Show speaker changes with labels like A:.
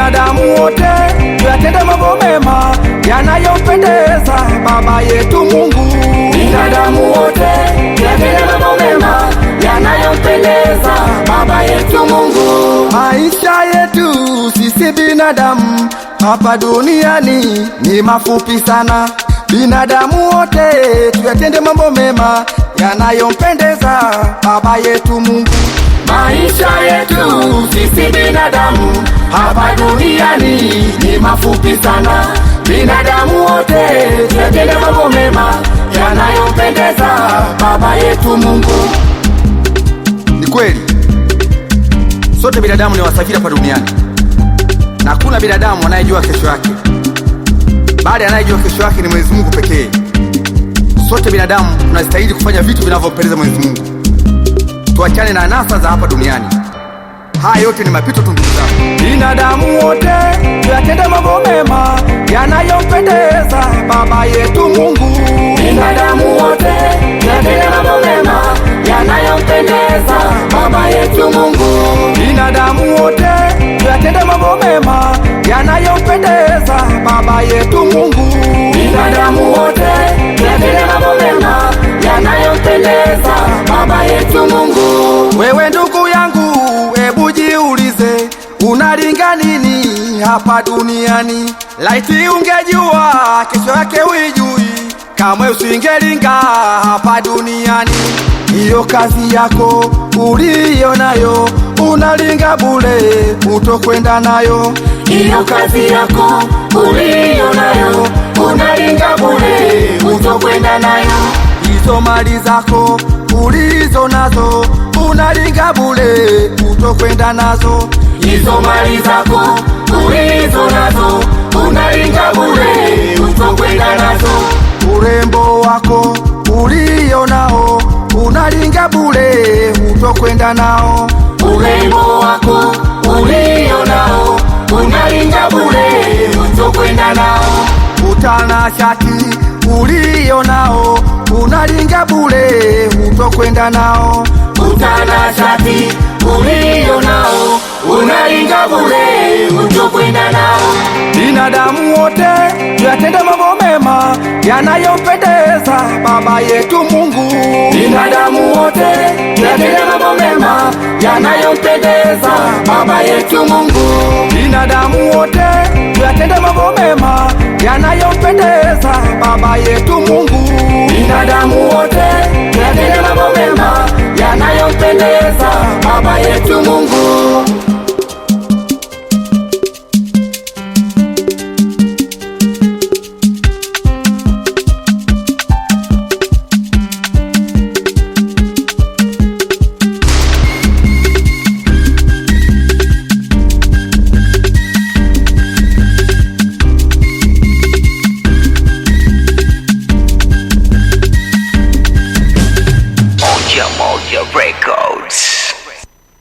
A: binadamu wote tuyatende mambo mema yanayompendeza Baba yetu Mungu. Binadamu wote tuyatende mambo mema yanayompendeza Baba yetu Mungu. Maisha yetu sisi binadamu hapa duniani ni mafupi sana. Binadamu wote tuyatende mambo mema yanayompendeza Baba yetu Mungu. Maisha yetu sisi binadamu hapa duniani ni mafupi sana. Binadamu wote twatende mambo mema yanayompendeza Baba yetu Mungu.
B: Ni kweli sote binadamu ni wasafiri hapa duniani, na hakuna binadamu anayejua kesho yake, bali anayejua kesho yake ni Mwenyezi Mungu pekee. Sote binadamu tunastahili kufanya vitu vinavyompendeza Mwenyezi Mungu. Tuachane na anasa za hapa duniani. Haya yote ni mapito tu ndugu zangu.
A: Binadamu wote tuyatende mambo mema yanayompendeza Baba yetu Mungu. Binadamu wote tuyatende mambo mema yanayompendeza Baba yetu Mungu. Binadamu wote tuyatende mambo mema yanayompendeza Baba yetu Mungu. Binadamu wote tuyatende mambo mema yanayompendeza Baba yetu Mungu. Wewe ndugu unalinga nini hapa duniani? Laiti ungejua kesho yake wijui, kamwe usingelinga hapa duniani. Hiyo kazi yako uliyo nayo unalinga bule utokwenda nayo. Hiyo kazi yako uliyo nayo unalinga bure, utokwenda nayo. Hizo mali zako ulizo nazo unalinga bule utokwenda nazo hizo mali zako ulizo nazo unalinga bure, utakwenda nazo. Urembo wako ulio nao unalinga bure, utakwenda nao. Urembo wako ulio nao unalinga bure, utakwenda nao. Utanashati ulio nao unalinga bure, utakwenda nao. Utanashati ulio nao kupinga bure, utokwenda nao. Binadamu wote tuyatende mambo mema yanayompendeza Baba yetu Mungu. Binadamu wote tuyatende mambo mema yanayompendeza Baba yetu Mungu. Binadamu wote tuyatende mambo mema yanayompendeza Baba yetu Mungu. Binadamu wote tuyatende mambo mema yanayompendeza Baba yetu Mungu.